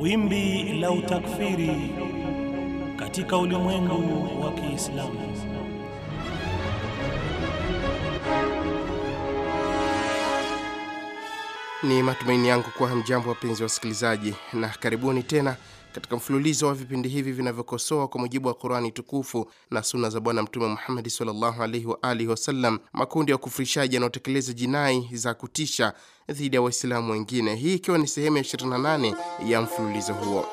Wimbi la utakfiri katika ulimwengu wa Kiislamu. Ni matumaini yangu kuwa hamjambo, wapenzi wa wasikilizaji, na karibuni tena katika mfululizo wa vipindi hivi vinavyokosoa kwa mujibu wa Qurani tukufu na suna za Bwana Mtume Muhamadi sallallahu alaihi wa alihi wasallam makundi ya ukufurishaji yanayotekeleza jinai za kutisha dhidi ya Waislamu wengine, hii ikiwa ni sehemu ya 28 ya mfululizo huo.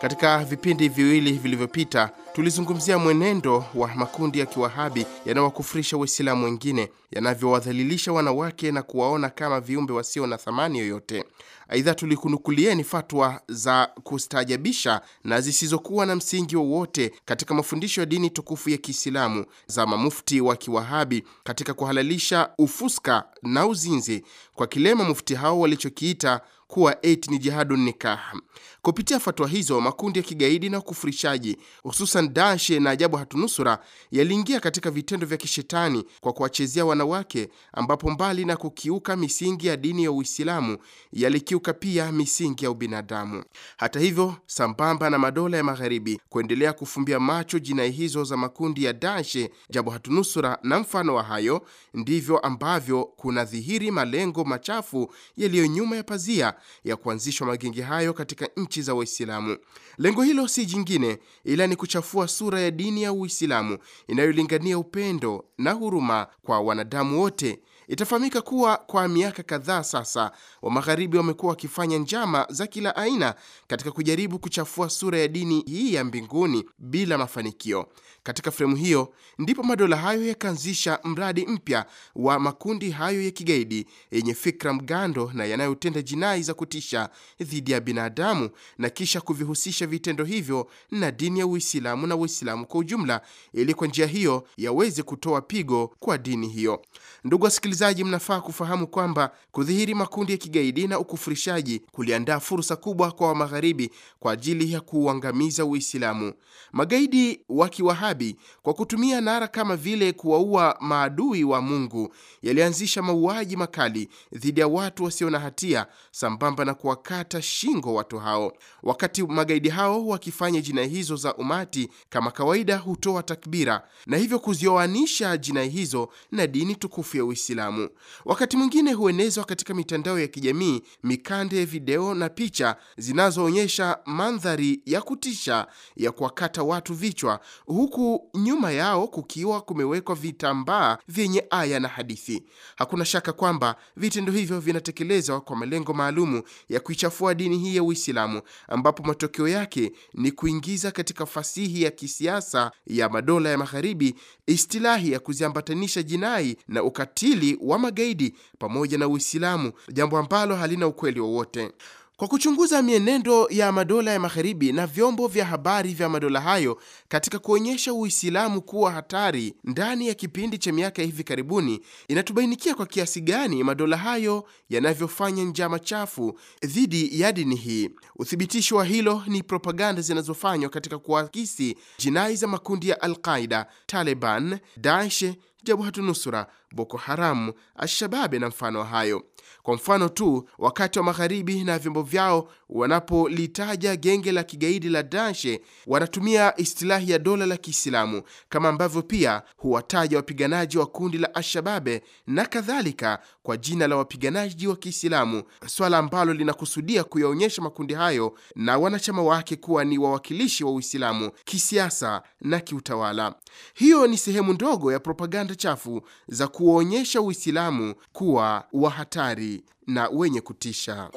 Katika vipindi viwili vilivyopita Tulizungumzia mwenendo wa makundi ya kiwahabi yanayowakufurisha Waislamu wengine, yanavyowadhalilisha wanawake na kuwaona kama viumbe wasio na thamani yoyote. Aidha, tulikunukulieni fatwa za kustaajabisha na zisizokuwa na msingi wowote katika mafundisho ya dini tukufu ya Kiislamu za mamufti wa kiwahabi katika kuhalalisha ufuska na uzinzi kwa kile mamufti hao walichokiita kuwa eti ni jihadu nikah. Kupitia fatwa hizo, makundi ya kigaidi na ukufurishaji hususan Daesh na Ajabu Hatunusura yaliingia katika vitendo vya kishetani kwa kuwachezea wanawake, ambapo mbali na kukiuka misingi ya dini ya Uislamu yalikiuka pia misingi ya ubinadamu. Hata hivyo, sambamba na madola ya Magharibi kuendelea kufumbia macho jinai hizo za makundi ya Daesh, Ajabu Hatunusura na mfano wa hayo, ndivyo ambavyo kunadhihiri malengo machafu yaliyo nyuma ya pazia ya kuanzishwa magenge hayo katika nchi za Waislamu. Lengo hilo si jingine ila ni kuchafua sura ya dini ya Uislamu inayolingania upendo na huruma kwa wanadamu wote Itafahamika kuwa kwa miaka kadhaa sasa wa Magharibi wamekuwa wakifanya njama za kila aina katika kujaribu kuchafua sura ya dini hii ya mbinguni bila mafanikio. Katika fremu hiyo ndipo madola hayo yakaanzisha mradi mpya wa makundi hayo ya kigaidi yenye fikra mgando na yanayotenda jinai za kutisha dhidi ya binadamu na kisha kuvihusisha vitendo hivyo na dini ya Uislamu na Uislamu kwa ujumla ili kwa njia hiyo yaweze kutoa pigo kwa dini hiyo. Ndugu wasikilizaji Wasikilizaji, mnafaa kufahamu kwamba kudhihiri makundi ya kigaidi na ukufurishaji kuliandaa fursa kubwa kwa Wamagharibi kwa ajili ya kuuangamiza Uislamu. Magaidi wa Kiwahabi, kwa kutumia nara kama vile kuwaua maadui wa Mungu, yalianzisha mauaji makali dhidi ya watu wasio na hatia, sambamba na kuwakata shingo watu hao. Wakati magaidi hao wakifanya jinai hizo za umati, kama kawaida, hutoa takbira na hivyo kuzioanisha jinai hizo na dini tukufu ya Uislamu. Uislamu. Wakati mwingine huenezwa katika mitandao ya kijamii mikande, video na picha zinazoonyesha mandhari ya kutisha ya kuwakata watu vichwa, huku nyuma yao kukiwa kumewekwa vitambaa vyenye aya na hadithi. Hakuna shaka kwamba vitendo hivyo vinatekelezwa kwa malengo maalumu ya kuichafua dini hii ya Uislamu, ambapo matokeo yake ni kuingiza katika fasihi ya kisiasa ya madola ya Magharibi istilahi ya kuziambatanisha jinai na ukatili wa magaidi pamoja na Uislamu, jambo ambalo halina ukweli wowote. Kwa kuchunguza mienendo ya madola ya magharibi na vyombo vya habari vya madola hayo katika kuonyesha Uislamu kuwa hatari ndani ya kipindi cha miaka ya hivi karibuni, inatubainikia kwa kiasi gani madola hayo yanavyofanya njama chafu dhidi ya dini hii. Uthibitisho wa hilo ni propaganda zinazofanywa katika kuakisi jinai za makundi ya Alqaida, Taliban, Daesh, Jabhatunusra Boko haram Alshababi na mfano hayo. Kwa mfano tu, wakati wa magharibi na vyombo vyao wanapolitaja genge la kigaidi la Danshe wanatumia istilahi ya dola la Kiislamu, kama ambavyo pia huwataja wapiganaji wa kundi la Alshababe na kadhalika kwa jina la wapiganaji wa Kiislamu, swala ambalo linakusudia kuyaonyesha makundi hayo na wanachama wake kuwa ni wawakilishi wa Uislamu kisiasa na kiutawala. Hiyo ni sehemu ndogo ya propaganda chafu za kuonyesha Uislamu kuwa wa hatari na wenye kutisha.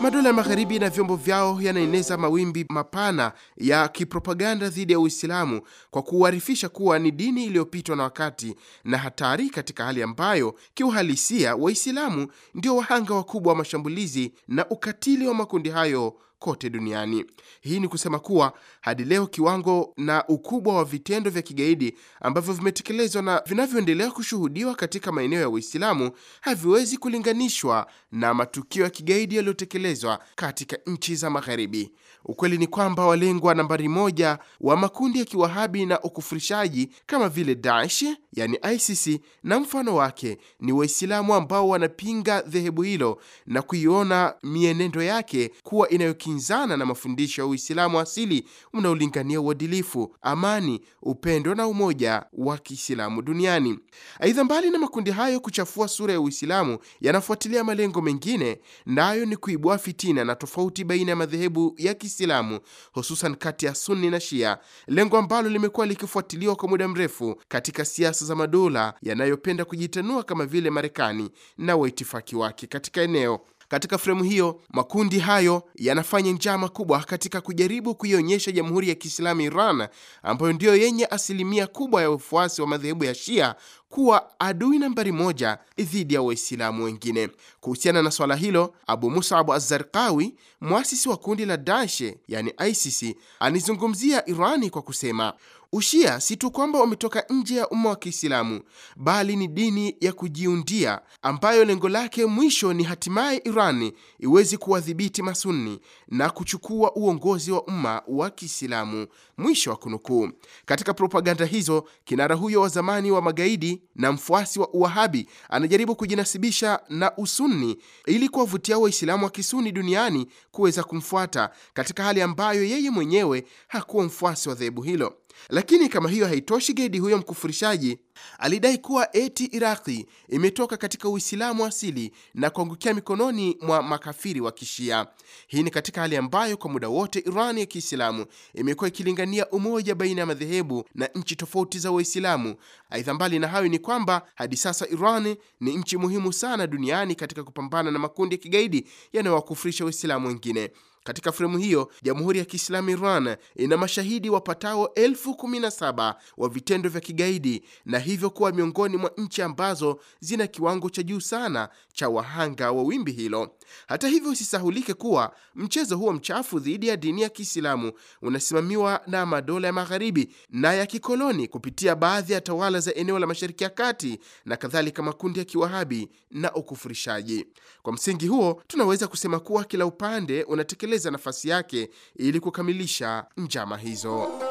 Madola ya Magharibi na vyombo vyao yanaeneza mawimbi mapana ya kipropaganda dhidi ya Uislamu kwa kuuharifisha kuwa ni dini iliyopitwa na wakati na hatari, katika hali ambayo kiuhalisia Waislamu ndio wahanga wakubwa wa mashambulizi na ukatili wa makundi hayo kote duniani. Hii ni kusema kuwa hadi leo kiwango na ukubwa wa vitendo vya kigaidi ambavyo vimetekelezwa na vinavyoendelea kushuhudiwa katika maeneo ya Uislamu haviwezi kulinganishwa na matukio ya kigaidi yaliyotekelezwa katika nchi za Magharibi. Ukweli ni kwamba walengwa nambari moja wa makundi ya kiwahabi na ukufurishaji kama vile Daesh, yani ICC na mfano wake ni Waislamu ambao wanapinga dhehebu hilo na kuiona mienendo yake kuwa inayoki kukinzana na mafundisho ya Uislamu asili unaolingania uadilifu, amani, upendo na umoja wa Kiislamu duniani. Aidha, mbali na makundi hayo kuchafua sura ya Uislamu, yanafuatilia malengo mengine, nayo ni kuibua fitina na tofauti baina ya madhehebu ya Kiislamu, hususan kati ya Sunni na Shia, lengo ambalo limekuwa likifuatiliwa kwa muda mrefu katika siasa za madola yanayopenda kujitanua kama vile Marekani na waitifaki wake katika eneo. Katika fremu hiyo, makundi hayo yanafanya njama kubwa katika kujaribu kuionyesha Jamhuri ya Kiislamu Iran ambayo ndiyo yenye asilimia kubwa ya wafuasi wa madhehebu ya Shia kuwa adui nambari moja dhidi ya Waislamu wengine. Kuhusiana na swala hilo, Abu Musabu Azarkawi, mwasisi wa kundi la Daesh yani ISIS, anizungumzia Irani kwa kusema Ushia si tu kwamba wametoka nje ya umma wa Kiislamu bali ni dini ya kujiundia ambayo lengo lake mwisho ni hatimaye Irani iwezi kuwadhibiti Masunni na kuchukua uongozi wa umma wa Kiislamu. Mwisho wa kunukuu. Katika propaganda hizo, kinara huyo wa zamani wa magaidi na mfuasi wa Uwahabi anajaribu kujinasibisha na Usunni ili kuwavutia Waislamu wa Kisuni duniani kuweza kumfuata katika hali ambayo yeye mwenyewe hakuwa mfuasi wa dhehebu hilo. Lakini kama hiyo haitoshi, Gedi huyo mkufurishaji alidai kuwa eti Iraqi imetoka katika Uislamu asili na kuangukia mikononi mwa makafiri wa Kishia. Hii ni katika hali ambayo kwa muda wote Irani ya Kiislamu imekuwa ikilingania umoja baina ya madhehebu na nchi tofauti za Waislamu. Aidha, mbali na hayo ni kwamba hadi sasa Irani ni nchi muhimu sana duniani katika kupambana na makundi ya kigaidi yanayowakufurisha Waislamu wengine. Katika fremu hiyo, Jamhuri ya Kiislamu Iran ina mashahidi wapatao elfu kumi na saba wa vitendo vya kigaidi na hivyo kuwa miongoni mwa nchi ambazo zina kiwango cha juu sana cha wahanga wa wimbi hilo. Hata hivyo, usisahulike kuwa mchezo huo mchafu dhidi ya dini ya Kiislamu unasimamiwa na madola ya Magharibi na ya kikoloni kupitia baadhi ya tawala za eneo la Mashariki ya Kati na kadhalika makundi ya kiwahabi na ukufurishaji. Kwa msingi huo, tunaweza kusema kuwa kila upande unatekeleza kuendeleza nafasi yake ili kukamilisha njama hizo.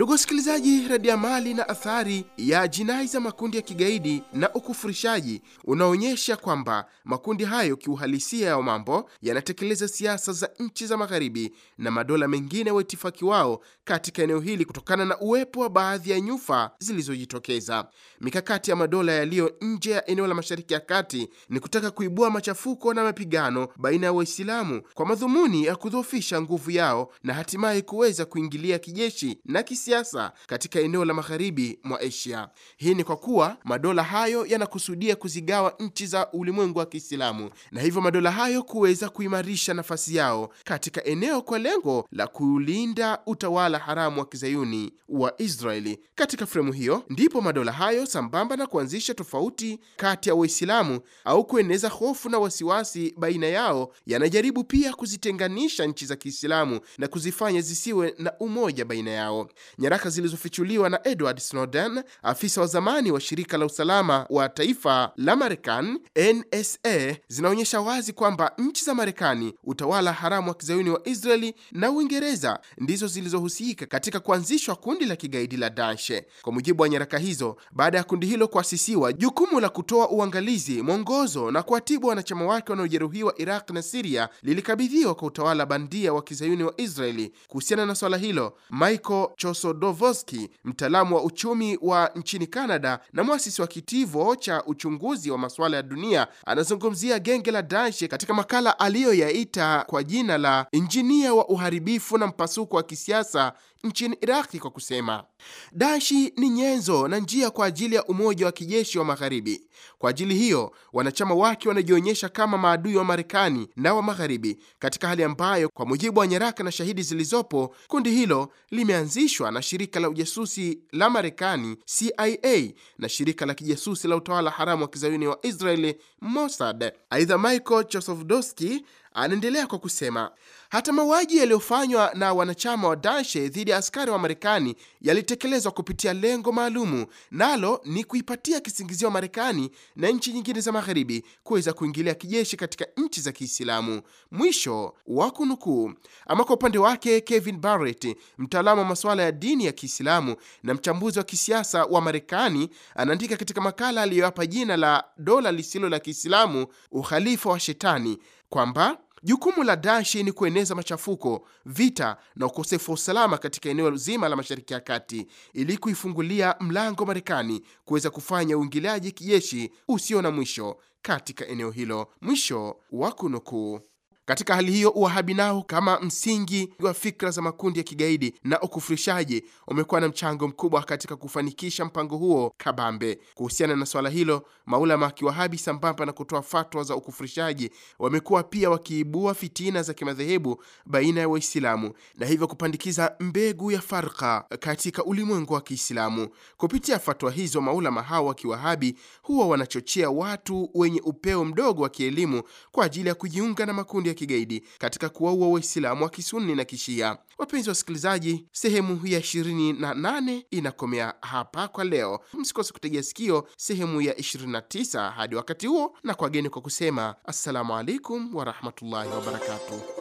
Ndugu wasikilizaji, radi ya mali na athari ya jinai za makundi ya kigaidi na ukufurishaji unaonyesha kwamba makundi hayo kiuhalisia ya mambo yanatekeleza siasa za nchi za magharibi na madola mengine wa itifaki wao katika eneo hili kutokana na uwepo wa baadhi ya nyufa zilizojitokeza. Mikakati ya madola yaliyo nje ya eneo la Mashariki ya Kati ni kutaka kuibua machafuko na mapigano baina ya Waislamu kwa madhumuni ya kudhoofisha nguvu yao na hatimaye kuweza kuingilia kijeshi na kisi kisiasa katika eneo la magharibi mwa Asia. Hii ni kwa kuwa madola hayo yanakusudia kuzigawa nchi za ulimwengu wa Kiislamu na hivyo madola hayo kuweza kuimarisha nafasi yao katika eneo kwa lengo la kulinda utawala haramu wa kizayuni wa Israeli. Katika fremu hiyo ndipo madola hayo sambamba na kuanzisha tofauti kati ya Waislamu au kueneza hofu na wasiwasi baina yao, yanajaribu pia kuzitenganisha nchi za Kiislamu na kuzifanya zisiwe na umoja baina yao nyaraka zilizofichuliwa na Edward Snowden, afisa wa zamani wa shirika la usalama wa taifa la Marekani NSA, zinaonyesha wazi kwamba nchi za Marekani, utawala haramu wa kizayuni wa Israeli na Uingereza ndizo zilizohusika katika kuanzishwa kundi la kigaidi la Daesh. Kwa mujibu wa nyaraka hizo, baada ya kundi hilo kuasisiwa, jukumu la kutoa uangalizi, mwongozo na kuwatibu wanachama wake wanaojeruhiwa Iraq na Siria lilikabidhiwa kwa utawala bandia wa kizayuni wa Israeli. Kuhusiana na swala hilo, Michael Choso Sodovoski, mtaalamu wa uchumi wa nchini Canada na mwasisi wa kitivo cha uchunguzi wa masuala ya dunia, anazungumzia genge la Daesh katika makala aliyoyaita kwa jina la injinia wa uharibifu na mpasuko wa kisiasa nchini Iraqi kwa kusema Daeshi ni nyenzo na njia kwa ajili ya umoja wa kijeshi wa Magharibi. Kwa ajili hiyo, wanachama wake wanajionyesha kama maadui wa Marekani na wa Magharibi, katika hali ambayo, kwa mujibu wa nyaraka na shahidi zilizopo, kundi hilo limeanzishwa na shirika la ujasusi la Marekani CIA na shirika la kijasusi la utawala haramu wa kizayuni wa Israeli Mossad. Aidha, Michael Chosovdoski Anaendelea kwa kusema hata mauaji yaliyofanywa na wanachama wa Daesh dhidi ya askari wa Marekani yalitekelezwa kupitia lengo maalumu, nalo ni kuipatia kisingizio wa Marekani na nchi nyingine za Magharibi kuweza kuingilia kijeshi katika nchi za Kiislamu, mwisho wa kunukuu. Ama kwa upande wake, Kevin Barrett, mtaalamu wa masuala ya dini ya Kiislamu na mchambuzi wa kisiasa wa Marekani, anaandika katika makala aliyoyapa jina la dola lisilo la Kiislamu, uhalifa wa Shetani kwamba jukumu la dashi ni kueneza machafuko, vita na ukosefu wa usalama katika eneo zima la Mashariki ya Kati ili kuifungulia mlango Marekani kuweza kufanya uingiliaji kijeshi usio na mwisho katika eneo hilo. Mwisho wa kunukuu. Katika hali hiyo, uwahabi nao kama msingi wa fikra za makundi ya kigaidi na ukufurishaji umekuwa na mchango mkubwa katika kufanikisha mpango huo kabambe. Kuhusiana na swala hilo, maulama wa kiwahabi sambamba na kutoa fatwa za ukufurishaji wamekuwa pia wakiibua fitina za kimadhehebu baina ya Waislamu na hivyo kupandikiza mbegu ya farka katika ulimwengu wa Kiislamu. Kupitia fatwa hizo, maulama hao wa kiwahabi huwa wanachochea watu wenye upeo mdogo wa kielimu kwa ajili ya kujiunga na makundi ya kigaidi katika kuwaua Waislamu wa kisuni na Kishia. Wapenzi wa wasikilizaji, sehemu ya 28 inakomea hapa kwa leo. Msikose kutegea sikio sehemu ya 29 hadi wakati huo, na kwa geni kwa kusema assalamu alaikum warahmatullahi wabarakatuh.